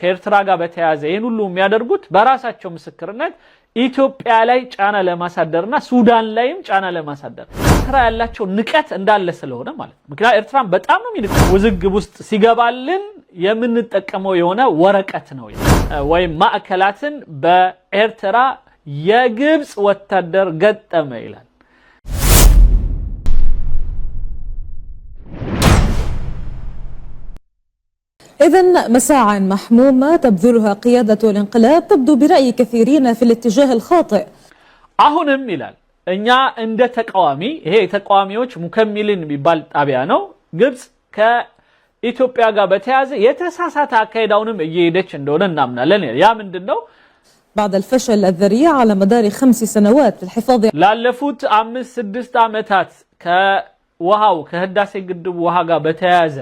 ከኤርትራ ጋር በተያያዘ ይህን ሁሉ የሚያደርጉት በራሳቸው ምስክርነት ኢትዮጵያ ላይ ጫና ለማሳደር ሱዳን ላይም ጫና ለማሳደር ኤርትራ ያላቸው ንቀት እንዳለ ስለሆነ ማለት ነው። ምክንያቱ ኤርትራን በጣም ነው የሚንቀ ውዝግብ ውስጥ ሲገባልን የምንጠቀመው የሆነ ወረቀት ነው ወይም ማዕከላትን በኤርትራ የግብፅ ወታደር ገጠመ ይላል። إذا مساعي محمومة تبذلها قيادة الانقلاب تبدو برأي كثيرين في الاتجاه الخاطئ አሁንም ይላል እኛ እንደ ተቃዋሚ ይሄ የተቃዋሚዎች ሙከሚልን የሚባል ጣቢያ ነው። ግብፅ ከኢትዮጵያ ጋር በተያያዘ የተሳሳተ አካሄድ አሁንም እየሄደች እንደሆነ እናምናለን። ያ ምንድን ነው? بعد الفشل الذريع على مدار خمس سنوات في الحفاظ ላለፉት አምስት ስድስት ዓመታት ከውሃው ከህዳሴ ግድብ ውሃ ጋር በተያያዘ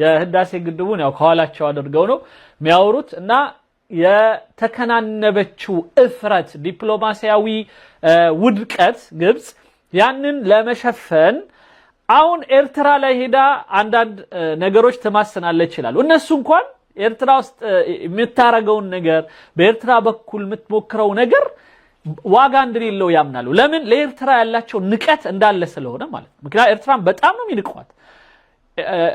የህዳሴ ግድቡን ያው ከኋላቸው አድርገው ነው የሚያወሩት እና የተከናነበችው እፍረት፣ ዲፕሎማሲያዊ ውድቀት ግብፅ ያንን ለመሸፈን አሁን ኤርትራ ላይ ሄዳ አንዳንድ ነገሮች ትማስናለች ይላሉ። እነሱ እንኳን ኤርትራ ውስጥ የምታረገውን ነገር በኤርትራ በኩል የምትሞክረው ነገር ዋጋ እንደሌለው ያምናሉ። ለምን? ለኤርትራ ያላቸው ንቀት እንዳለ ስለሆነ ማለት ነው። ኤርትራን በጣም ነው የሚንቋት።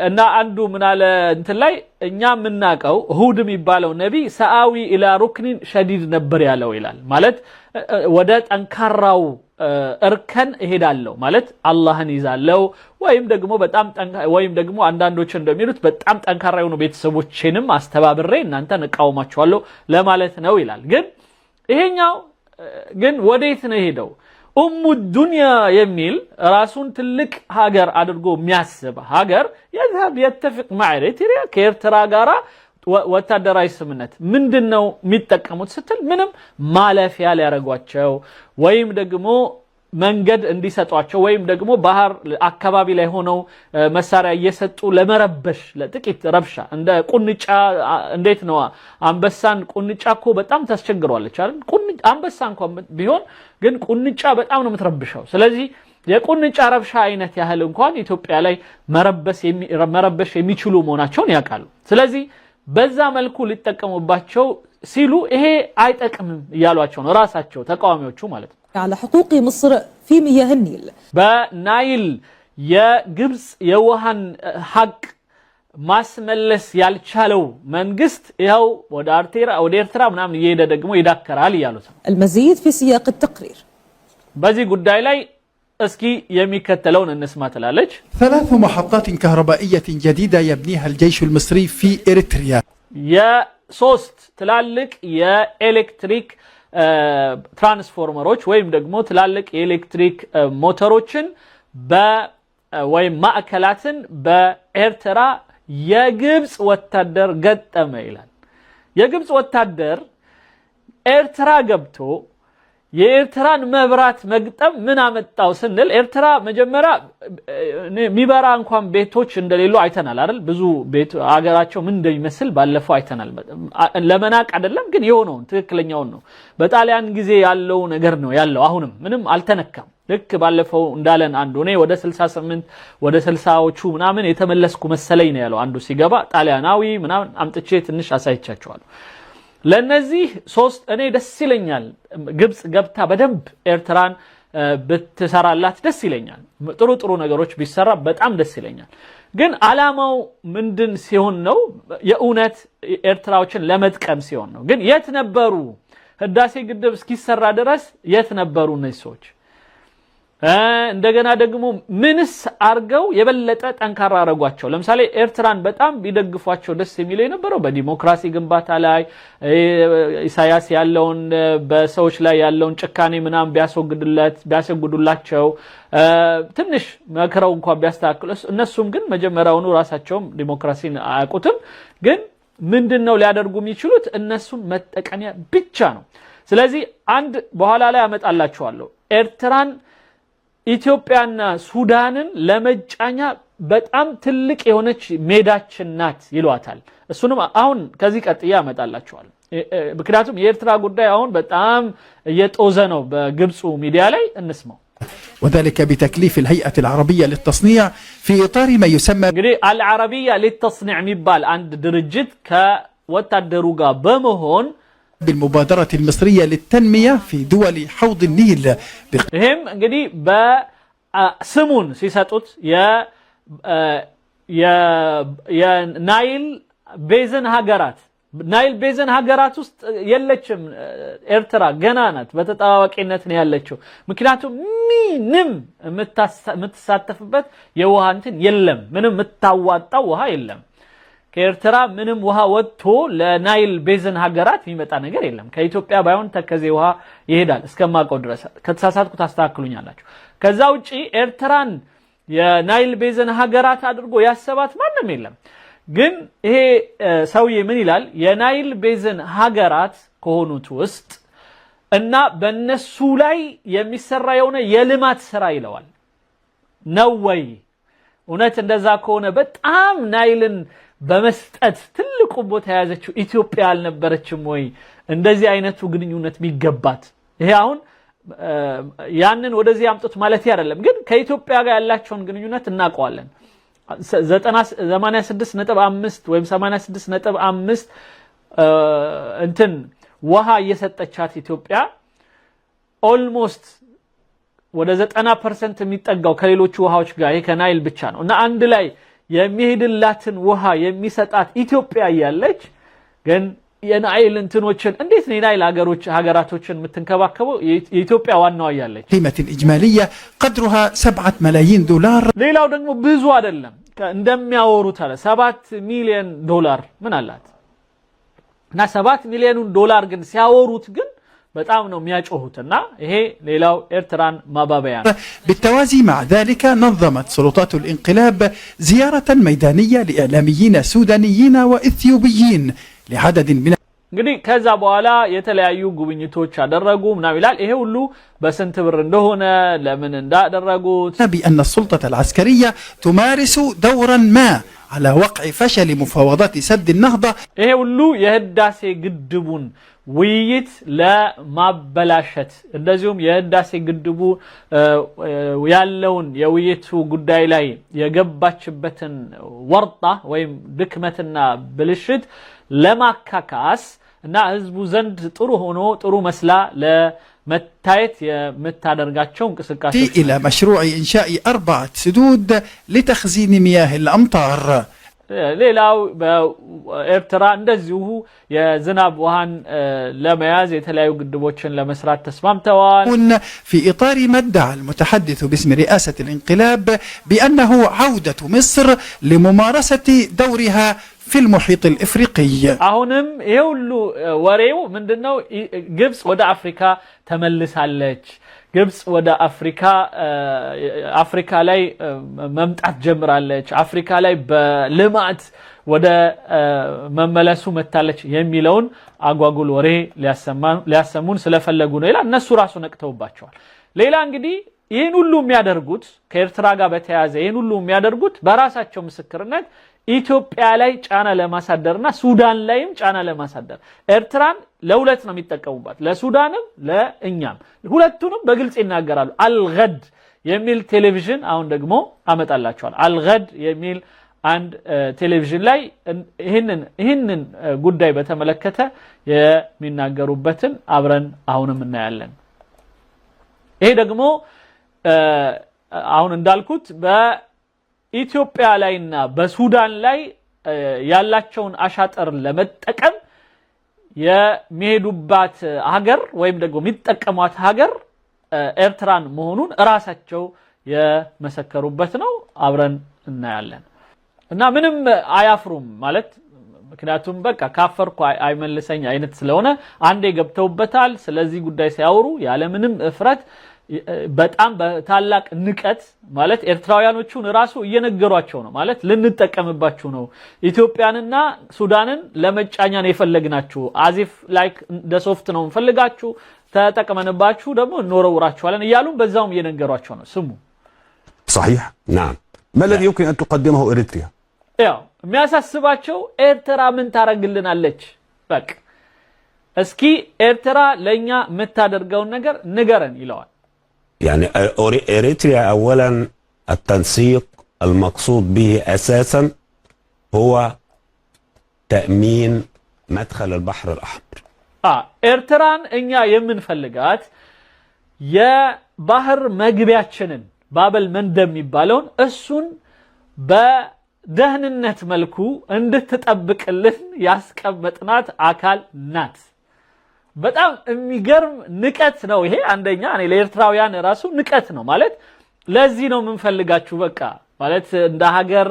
እና አንዱ ምናለ እንትን ላይ እኛ የምናውቀው እሁድ የሚባለው ነቢ ሰአዊ ኢላ ሩክኒን ሸዲድ ነበር ያለው ይላል። ማለት ወደ ጠንካራው እርከን እሄዳለሁ ማለት አላህን ይዛለው ወይም ደግሞ በጣም ወይም ደግሞ አንዳንዶች እንደሚሉት በጣም ጠንካራ የሆኑ ቤተሰቦችንም አስተባብሬ እናንተን እቃወማችኋለሁ ለማለት ነው ይላል። ግን ይሄኛው ግን ወዴት ነው የሄደው? ኡሙ ዱንያ የሚል ራሱን ትልቅ ሀገር አድርጎ የሚያስብ ሀገር የዝሀብ የተፍቅ ማዕር ከኤርትራ ጋራ ወታደራዊ ስምነት ምንድን ነው የሚጠቀሙት ስትል ምንም ማለፊያ ሊያደረጓቸው ወይም ደግሞ መንገድ እንዲሰጧቸው ወይም ደግሞ ባህር አካባቢ ላይ ሆነው መሳሪያ እየሰጡ ለመረበሽ ለጥቂት ረብሻ እንደ ቁንጫ እንዴት ነው አንበሳን ቁንጫ እኮ በጣም ታስቸግሯለች አይደል? አንበሳ እንኳን ቢሆን ግን ቁንጫ በጣም ነው የምትረብሸው። ስለዚህ የቁንጫ ረብሻ አይነት ያህል እንኳን ኢትዮጵያ ላይ መረበሽ የሚችሉ መሆናቸውን ያውቃሉ። ስለዚህ በዛ መልኩ ሊጠቀሙባቸው ሲሉ ይሄ አይጠቅምም እያሏቸው ነው ራሳቸው ተቃዋሚዎቹ ማለት ነው። على حقوق مصر في مياه النيل በናይል የግብፅ የውሃን ሀቅ ማስመለስ ያልቻለው መንግስት ይኸው ወደ አርቴራ ወደ ኤርትራ ምናምን እየሄደ ደግሞ ይዳከራል እያሉት ነው። المزيد في سياق التقرير በዚህ ጉዳይ ላይ እስኪ የሚከተለውን እንስማ ትላለች። ثلاث محطات كهربائية جديدة يبنيها الجيش المصري في إريتريا የሶስት ትላልቅ የኤሌክትሪክ ትራንስፎርመሮች ወይም ደግሞ ትላልቅ የኤሌክትሪክ ሞተሮችን ወይም ማዕከላትን በኤርትራ የግብፅ ወታደር ገጠመ ይላል። የግብፅ ወታደር ኤርትራ ገብቶ የኤርትራን መብራት መግጠም ምን አመጣው ስንል ኤርትራ መጀመሪያ የሚበራ እንኳን ቤቶች እንደሌሉ አይተናል አይደል? ብዙ ቤት አገራቸው ምን እንደሚመስል ባለፈው አይተናል። ለመናቅ አይደለም ግን የሆነውን ትክክለኛውን ነው። በጣሊያን ጊዜ ያለው ነገር ነው ያለው። አሁንም ምንም አልተነካም። ልክ ባለፈው እንዳለን አንዱ እኔ ወደ 68 ወደ 60ዎቹ ምናምን የተመለስኩ መሰለኝ ነው ያለው አንዱ ሲገባ ጣሊያናዊ ምናምን አምጥቼ ትንሽ አሳይቻቸዋለሁ። ለእነዚህ ሶስት እኔ ደስ ይለኛል። ግብፅ ገብታ በደንብ ኤርትራን ብትሰራላት ደስ ይለኛል። ጥሩ ጥሩ ነገሮች ቢሰራ በጣም ደስ ይለኛል። ግን አላማው ምንድን ሲሆን ነው? የእውነት ኤርትራዎችን ለመጥቀም ሲሆን ነው። ግን የት ነበሩ? ህዳሴ ግድብ እስኪሰራ ድረስ የት ነበሩ እነዚህ ሰዎች? እንደገና ደግሞ ምንስ አርገው የበለጠ ጠንካራ አረጓቸው? ለምሳሌ ኤርትራን በጣም ቢደግፏቸው ደስ የሚለው የነበረው በዲሞክራሲ ግንባታ ላይ ኢሳያስ ያለውን በሰዎች ላይ ያለውን ጭካኔ ምናምን ቢያስወግዱላቸው ትንሽ መክረው እንኳን ቢያስተካክሉ፣ እነሱም ግን መጀመሪያውኑ ራሳቸውም ዲሞክራሲን አያውቁትም። ግን ምንድን ነው ሊያደርጉ የሚችሉት? እነሱም መጠቀሚያ ብቻ ነው። ስለዚህ አንድ በኋላ ላይ አመጣላችኋለሁ ኤርትራን ኢትዮጵያና ሱዳንን ለመጫኛ በጣም ትልቅ የሆነች ሜዳችን ናት ይሏታል። እሱንም አሁን ከዚህ ቀጥዬ ያመጣላቸዋል። ምክንያቱም የኤርትራ ጉዳይ አሁን በጣም እየጦዘ ነው። በግብፁ ሚዲያ ላይ እንስማው። ወዛሊከ ቢተክሊፍ አልሀይአ አልዓረቢያ ሊተስኒዕ ፊ ኢጣር ማ ዩሰማ እንግዲህ አልዓረቢያ ሊተስኒዕ የሚባል አንድ ድርጅት ከወታደሩ ጋር በመሆን بالمبادرة المصرية للتنمية في دول حوض النيل هم جدي با سمون سيساتوت يا يا يا نايل بيزن هاجرات نايل بيزن هاجرات است يلتشم ارترا جنانات بتتاوك انت نيالتشو مكناتو مينم متساتف يوهانتن يلم منم متاواتا وها يلم ከኤርትራ ምንም ውሃ ወጥቶ ለናይል ቤዝን ሀገራት የሚመጣ ነገር የለም። ከኢትዮጵያ ባይሆን ተከዜ ውሃ ይሄዳል እስከማውቀው ድረስ። ከተሳሳትኩ ታስተካክሉኛላችሁ። ከዛ ውጪ ኤርትራን የናይል ቤዝን ሀገራት አድርጎ ያሰባት ማንም የለም። ግን ይሄ ሰውዬ ምን ይላል? የናይል ቤዝን ሀገራት ከሆኑት ውስጥ እና በእነሱ ላይ የሚሰራ የሆነ የልማት ስራ ይለዋል። ነው ወይ እውነት? እንደዛ ከሆነ በጣም ናይልን በመስጠት ትልቁን ቦታ የያዘችው ኢትዮጵያ አልነበረችም ወይ? እንደዚህ አይነቱ ግንኙነት የሚገባት ይሄ አሁን ያንን ወደዚህ አምጡት ማለት አይደለም፣ ግን ከኢትዮጵያ ጋር ያላቸውን ግንኙነት እናውቀዋለን። 86.5 ወይም 86.5 እንትን ውሃ እየሰጠቻት ኢትዮጵያ ኦልሞስት ወደ 90 ፐርሰንት የሚጠጋው ከሌሎቹ ውሃዎች ጋር ይሄ ከናይል ብቻ ነው እና አንድ ላይ የሚሄድላትን ውሃ የሚሰጣት ኢትዮጵያ እያለች ግን የናይል እንትኖችን እንዴት ነው የናይል ሀገሮች ሀገራቶችን የምትንከባከበው የኢትዮጵያ ዋናዋ እያለች ሊመትን እጅማልያ ቀድሩሃ ሰባት መላይን ዶላር። ሌላው ደግሞ ብዙ አይደለም እንደሚያወሩት አለ ሰባት ሚሊዮን ዶላር ምን አላት እና ሰባት ሚሊዮኑን ዶላር ግን ሲያወሩት ግን በጣም ነው የሚያጮሁትና ይሄ ሌላው ኤርትራን ማባበያ ነው። بالتوازي مع ذلك نظمت سلطات الانقلاب زيارة ميدانية لإعلاميين سودانيين وإثيوبيين لعدد من እንግዲህ ከዛ በኋላ የተለያዩ ጉብኝቶች አደረጉ ምናምን ይላል። ይሄ ሁሉ በስንት ብር እንደሆነ ለምን እንዳደረጉት بأن السلطة العسكرية تمارس دورا ما አላ ወቅዒ ፈሸሊ ሙፋወዳት ሰድ ነህዳ። ይሄ ሁሉ የህዳሴ ግድቡን ውይይት ለማበላሸት እንደዚሁም የህዳሴ ግድቡ ያለውን የውይይቱ ጉዳይ ላይ የገባችበትን ወርጣ ወይም ድክመትና ብልሽት ለማካካስ እና ህዝቡ ዘንድ ጥሩ ሆኖ ጥሩ መስላ متايت إلى مشروع إنشاء أربعة سدود لتخزين مياه الأمطار ليلا ابترا اندزيوه يا زناب وهان لما يازي تلايو قدبوتشن لمسرات تسمام توال في إطار ما ادعى المتحدث باسم رئاسة الانقلاب بأنه عودة مصر لممارسة دورها ፊል ሙሒጥ አልኢፍሪቅይ። አሁንም ይሄ ሁሉ ወሬው ምንድነው? ግብጽ ወደ አፍሪካ ተመልሳለች። ግብጽ ወደ አፍሪካ አፍሪካ ላይ መምጣት ጀምራለች። አፍሪካ ላይ በልማት ወደ መመለሱ መታለች የሚለውን አጓጉል ወሬ ሊያሰሙን ስለፈለጉ ነው ይላል። እነሱ ራሱ ነቅተውባቸዋል። ሌላ እንግዲህ ይህን ሁሉ የሚያደርጉት ከኤርትራ ጋር በተያያዘ ይህን ሁሉ የሚያደርጉት በራሳቸው ምስክርነት ኢትዮጵያ ላይ ጫና ለማሳደርና ሱዳን ላይም ጫና ለማሳደር ኤርትራን ለሁለት ነው የሚጠቀሙባት፣ ለሱዳንም ለእኛም። ሁለቱንም በግልጽ ይናገራሉ። አልገድ የሚል ቴሌቪዥን አሁን ደግሞ አመጣላቸዋል። አልገድ የሚል አንድ ቴሌቪዥን ላይ ይህንን ጉዳይ በተመለከተ የሚናገሩበትን አብረን አሁንም እናያለን። ይሄ ደግሞ አሁን እንዳልኩት በ ኢትዮጵያ ላይና በሱዳን ላይ ያላቸውን አሻጠር ለመጠቀም የሚሄዱባት ሀገር ወይም ደግሞ የሚጠቀሟት ሀገር ኤርትራን መሆኑን እራሳቸው የመሰከሩበት ነው። አብረን እናያለን እና ምንም አያፍሩም ማለት ምክንያቱም በቃ ካፈርኩ አይመልሰኝ አይነት ስለሆነ አንዴ ገብተውበታል። ስለዚህ ጉዳይ ሲያወሩ ያለምንም እፍረት በጣም በታላቅ ንቀት ማለት ኤርትራውያኖቹን ራሱ እየነገሯቸው ነው። ማለት ልንጠቀምባችሁ ነው፣ ኢትዮጵያንና ሱዳንን ለመጫኛ ነው የፈለግናችሁ፣ አዚፍ ላይክ እንደ ሶፍት ነው እንፈልጋችሁ፣ ተጠቅመንባችሁ ደግሞ እንወረውራችኋለን እያሉም በዛውም እየነገሯቸው ነው። ስሙ صحيح نعم ما الذي يمكن ان تقدمه ኤርትራ ያው የሚያሳስባቸው ኤርትራ ምን ታረግልናለች በቃ እስኪ ኤርትራ ለኛ የምታደርገውን ነገር ንገረን ይለዋል። يعني اريتريا اولا التنسيق المقصود به اساسا هو تامين مدخل البحر الاحمر اه ارتران ان يمن فلقات يا بحر مجبياتشن باب المندم يبالون اسون با دهن النت ملكو عند تطبق لن ياسكب نات عكال نات በጣም የሚገርም ንቀት ነው ይሄ። አንደኛ እኔ ለኤርትራውያን ራሱ ንቀት ነው ማለት ለዚህ ነው የምንፈልጋችሁ በቃ ማለት እንደ ሀገር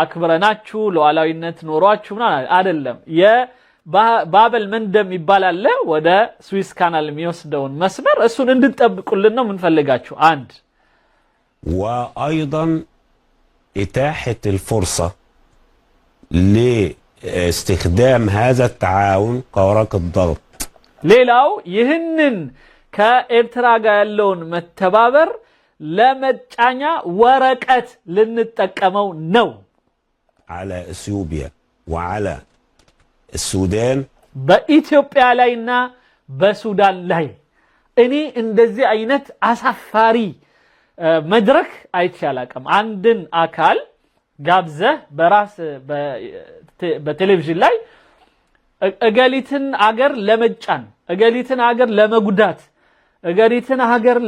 አክብረናችሁ ሉዓላዊነት ኖሯችሁ ምናምን አይደለም። የባበል መንደም ይባላል ወደ ስዊስ ካናል የሚወስደውን መስመር እሱን እንድንጠብቁልን ነው የምንፈልጋችሁ። አንድ وأيضا إتاحة الفرصة لاستخدام هذا التعاون كورقة ضغط ሌላው ይህንን ከኤርትራ ጋር ያለውን መተባበር ለመጫኛ ወረቀት ልንጠቀመው ነው። አለ ኢትዮጵያ ወአለ ሱዳን በኢትዮጵያ ላይና በሱዳን ላይ እኔ እንደዚህ አይነት አሳፋሪ መድረክ አይቼ አላቅም። አንድን አካል ጋብዘህ በራስ በቴሌቪዥን ላይ እገሊትን አገር ለመጫን እገሊትን አገር ለመጉዳት እገሊትን ሀገር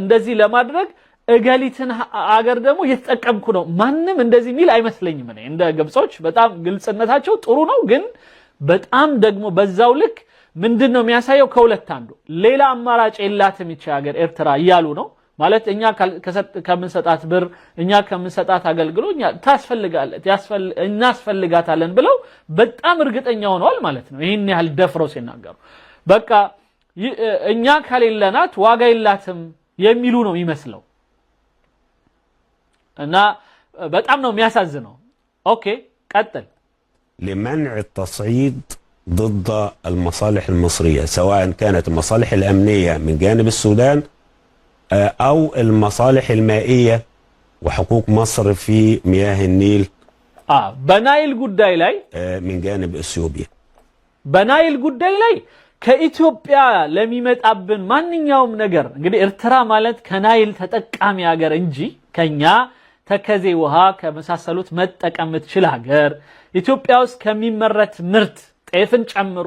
እንደዚህ ለማድረግ እገሊትን አገር ደግሞ እየተጠቀምኩ ነው። ማንም እንደዚህ የሚል አይመስለኝም። እኔ እንደ ግብጾች በጣም ግልጽነታቸው ጥሩ ነው፣ ግን በጣም ደግሞ በዛው ልክ ምንድን ነው የሚያሳየው? ከሁለት አንዱ ሌላ አማራጭ የላትም ይቺ ሀገር ኤርትራ እያሉ ነው። ማለት እኛ ከምንሰጣት ብር እኛ ከምንሰጣት አገልግሎት እኛ ታስፈልጋለት እናስፈልጋታለን ብለው በጣም እርግጠኛ ሆነዋል ማለት ነው። ይህን ያህል ደፍረው ሲናገሩ በቃ እኛ ከሌለናት ዋጋ የላትም የሚሉ ነው የሚመስለው እና በጣም ነው የሚያሳዝነው። ኦኬ ቀጥል። لمنع التصعيد ضد المصالح المصرية سواء كانت المصالح الأمنية من جانب السودان او المصالح المائيه وحقوق مصر في مياه النيل اه በናይል ጉዳይ ላይ من جانب اثيوبيا በናይል ጉዳይ ላይ ከኢትዮጵያ ለሚመጣብን ማንኛውም ነገር እንግዲህ ኤርትራ ማለት ከናይል ተጠቃሚ ሀገር እንጂ ከኛ ተከዜ ውሃ ከመሳሰሉት መጠቀም የምትችል ሀገር ኢትዮጵያ ውስጥ ከሚመረት ምርት ጤፍን ጨምሮ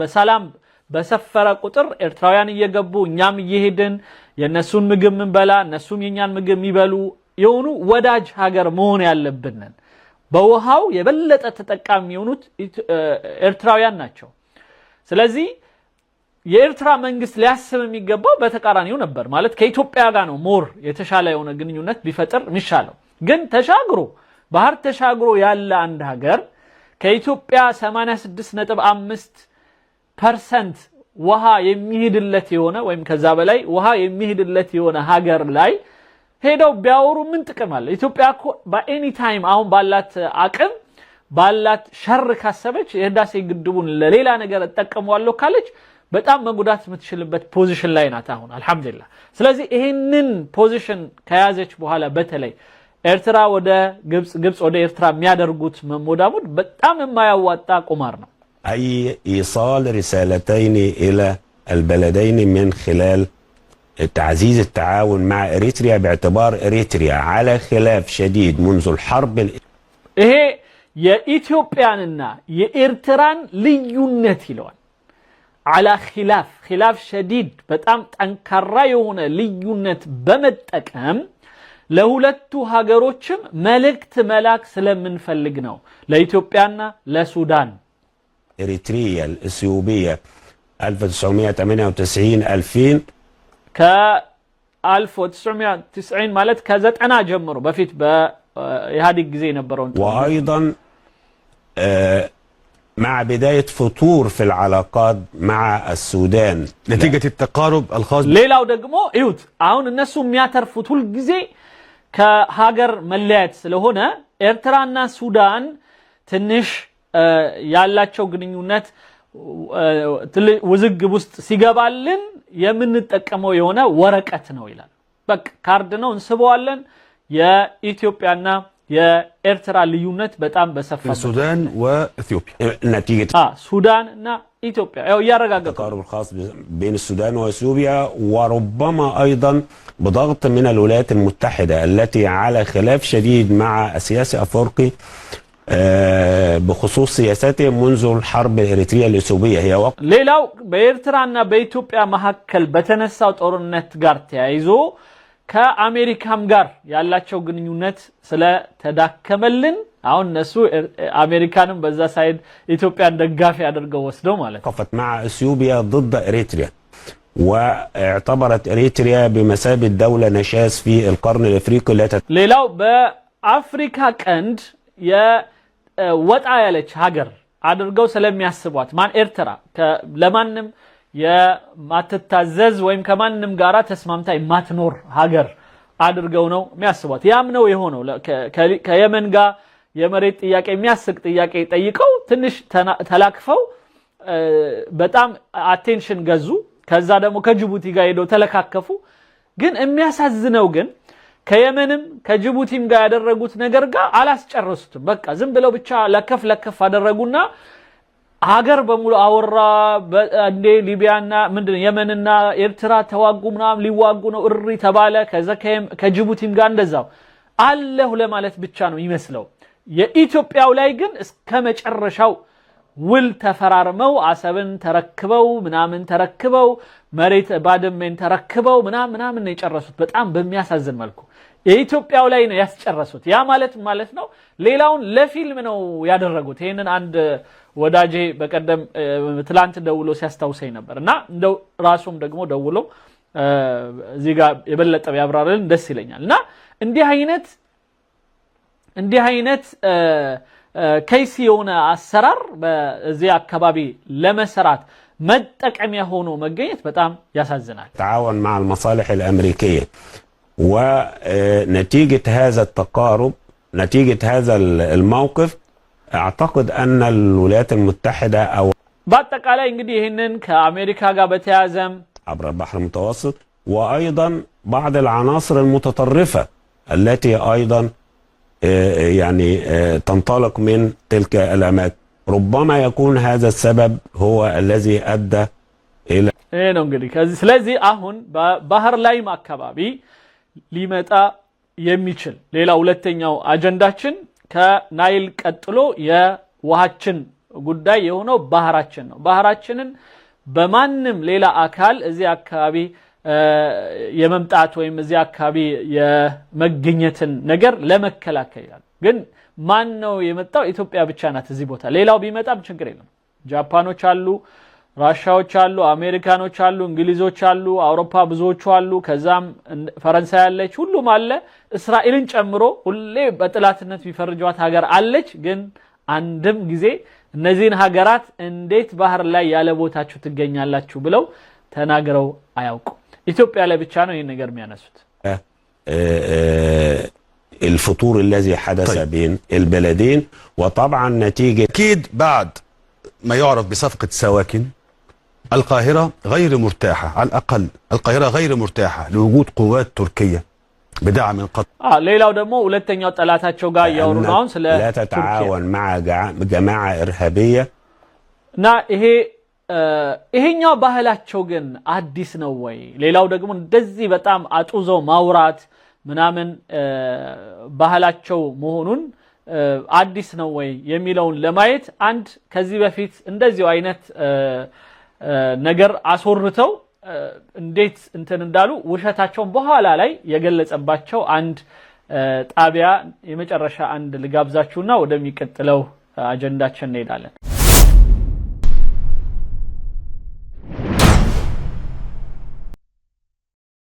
በሰላም በሰፈረ ቁጥር ኤርትራውያን እየገቡ እኛም እየሄድን የእነሱን ምግብ ምንበላ እነሱም የእኛን ምግብ የሚበሉ የሆኑ ወዳጅ ሀገር መሆን ያለብንን። በውሃው የበለጠ ተጠቃሚ የሆኑት ኤርትራውያን ናቸው። ስለዚህ የኤርትራ መንግስት ሊያስብ የሚገባው በተቃራኒው ነበር። ማለት ከኢትዮጵያ ጋር ነው ሞር የተሻለ የሆነ ግንኙነት ቢፈጥር የሚሻለው። ግን ተሻግሮ ባህር ተሻግሮ ያለ አንድ ሀገር ከኢትዮጵያ አምስት ፐርሰንት ውሃ የሚሄድለት የሆነ ወይም ከዛ በላይ ውሃ የሚሄድለት የሆነ ሀገር ላይ ሄደው ቢያወሩ ምን ጥቅም አለ? ኢትዮጵያ እኮ በኤኒ ታይም አሁን ባላት አቅም ባላት ሸር ካሰበች የህዳሴ ግድቡን ለሌላ ነገር እጠቀመዋለሁ ካለች በጣም መጉዳት የምትችልበት ፖዚሽን ላይ ናት አሁን አልሐምዱሊላህ። ስለዚህ ይህንን ፖዚሽን ከያዘች በኋላ በተለይ ኤርትራ ወደ ግብፅ፣ ግብፅ ወደ ኤርትራ የሚያደርጉት መሞዳሙድ በጣም የማያዋጣ ቁማር ነው። أي إيصال رسالتين إلى البلدين من خلال تعزيز التعاون مع إريتريا باعتبار إريتريا على خلاف شديد منذ الحرب إيه يا إثيوبيا لنا يا إرتران ليونتي لون على خلاف خلاف شديد بتأمت أن كرايونا ليونت بمت أكام هاجروتشم ملكت ملاك سلام من لا لإثيوبيا لا سودان إريترية الاثيوبيه 1998 2000 ك 1990 مالت كزت انا جمره بفيت ب هذه الجزئيه نبرون وايضا مع بداية فطور في العلاقات مع السودان نتيجة لا. التقارب الخاص ليلة ودقمو ايوت عون الناس مياتر فطول جزي كهاجر مليت لهنا ارترانا السودان تنش ያላቸው ግንኙነት ውዝግብ ውስጥ ሲገባልን የምንጠቀመው የሆነ ወረቀት ነው ይላል። በቃ ካርድ ነው እንስበዋለን። የኢትዮጵያና የኤርትራ ልዩነት በጣም በሰፋ ሱዳን ወኢትዮጵያ ሱዳን እና ኢትዮጵያ ያው እያረጋገጠ ተቃርብ الخاص بين السودان وإثيوبيا وربما أيضا بضغط من الولايات المتحدة التي على خلاف شديد مع السياسي الأفريقي آه، بخصوص سياساته منذ الحرب الاريتريه الاثيوبيه هي وقت ليلو بيرترانا بيتوبيا مهكل بتنسى تورنت غارت يايزو كامريكا مغار يالاچو غنيونت سلا تداكملن አሁን እነሱ አሜሪካንም በዛ ሳይድ ኢትዮጵያን ደጋፊ አድርገው ወስደው ማለት ከፈት ማ እስዩቢያ ضد اريتريا واعتبرت اريتريا بمثابة دولة نشاز في القرن الافريقي ليلو بافريكا كند يا ወጣ ያለች ሀገር አድርገው ስለሚያስቧት ማን ኤርትራ ለማንም የማትታዘዝ ወይም ከማንም ጋራ ተስማምታ የማትኖር ሀገር አድርገው ነው የሚያስቧት። ያም ነው የሆነው። ከየመን ጋር የመሬት ጥያቄ የሚያስቅ ጥያቄ ጠይቀው ትንሽ ተላክፈው በጣም አቴንሽን ገዙ። ከዛ ደግሞ ከጅቡቲ ጋር ሄደው ተለካከፉ። ግን የሚያሳዝነው ግን ከየመንም ከጅቡቲም ጋር ያደረጉት ነገር ጋር አላስጨረሱትም። በቃ ዝም ብለው ብቻ ለከፍ ለከፍ አደረጉና ሀገር በሙሉ አወራ። እንዴ ሊቢያና ምንድን የመንና ኤርትራ ተዋጉ ምናምን ሊዋጉ ነው እሪ ተባለ። ከዛ ከጅቡቲም ጋር እንደዛው አለሁ ለማለት ብቻ ነው ይመስለው። የኢትዮጵያው ላይ ግን እስከ መጨረሻው ውል ተፈራርመው አሰብን ተረክበው ምናምን ተረክበው መሬት ባድመን ተረክበው ምናምን ምናምን ነው የጨረሱት በጣም በሚያሳዝን መልኩ። የኢትዮጵያው ላይ ነው ያስጨረሱት። ያ ማለት ማለት ነው ሌላውን ለፊልም ነው ያደረጉት። ይህንን አንድ ወዳጄ በቀደም ትላንት ደውሎ ሲያስታውሰኝ ነበር እና እንደው ራሱም ደግሞ ደውሎ እዚህ ጋር የበለጠ ያብራርልን ደስ ይለኛል። እና እንዲህ አይነት እንዲህ አይነት ከይሲ የሆነ አሰራር በዚህ አካባቢ ለመሰራት መጠቀሚያ ሆኖ መገኘት በጣም ያሳዝናል። ተዓወን ማዕ አልመሳሊሕ አልአምሪክየ ونتيجة هذا التقارب نتيجة هذا الموقف أعتقد أن الولايات المتحدة أو በአጠቃላይ እንግዲህ ይህንን ከአሜሪካ ጋር በተያያዘም عبر البحر المتوسط وأيضا بعض العناصر المتطرفة التي أيضا آه، يعني آه، تنطلق من تلك الأماكن ربما يكون هذا السبب هو الذي أدى إلى إيه نقولك هذا سلازي أهون بحر لايم أكبابي ሊመጣ የሚችል ሌላ ሁለተኛው አጀንዳችን ከናይል ቀጥሎ የውሃችን ጉዳይ የሆነው ባህራችን ነው። ባህራችንን በማንም ሌላ አካል እዚህ አካባቢ የመምጣት ወይም እዚህ አካባቢ የመገኘትን ነገር ለመከላከል ይላል። ግን ማን ነው የመጣው? ኢትዮጵያ ብቻ ናት እዚህ ቦታ። ሌላው ቢመጣም ችግር የለም። ጃፓኖች አሉ ራሻዎች አሉ፣ አሜሪካኖች አሉ፣ እንግሊዞች አሉ፣ አውሮፓ ብዙዎቹ አሉ። ከዛም ፈረንሳይ አለች፣ ሁሉም አለ። እስራኤልን ጨምሮ ሁሌ በጥላትነት የሚፈርጇት ሀገር አለች። ግን አንድም ጊዜ እነዚህን ሀገራት እንዴት ባህር ላይ ያለ ቦታችሁ ትገኛላችሁ ብለው ተናግረው አያውቁ። ኢትዮጵያ ላይ ብቻ ነው ይህን ነገር የሚያነሱት። الفطور الذي حدث بين البلدين وطبعا نتيجة أكيد بعد ما يعرف بصفقة سواكن القاهرة غير مرتاحة على الأقل القاهرة غير مرتاحة لوجود قوات تركية بدعم قطر ሌላው ደግሞ ሁለተኛው ጠላታቸው ጋር እያወሩ ነው አሁን مع جماعة إرهابية እና ይሄ ይሄኛው ባህላቸው ግን አዲስ ነው ወይ? ሌላው ደግሞ እንደዚህ በጣም አጡዞ ማውራት ምናምን ባህላቸው መሆኑን አዲስ ነው ወይ የሚለውን ለማየት አንድ ከዚህ በፊት እንደዚሁ አይነት ነገር አስወርተው እንዴት እንትን እንዳሉ ውሸታቸውን በኋላ ላይ የገለጸባቸው አንድ ጣቢያ የመጨረሻ አንድ ልጋብዛችሁና ወደሚቀጥለው አጀንዳችን እንሄዳለን።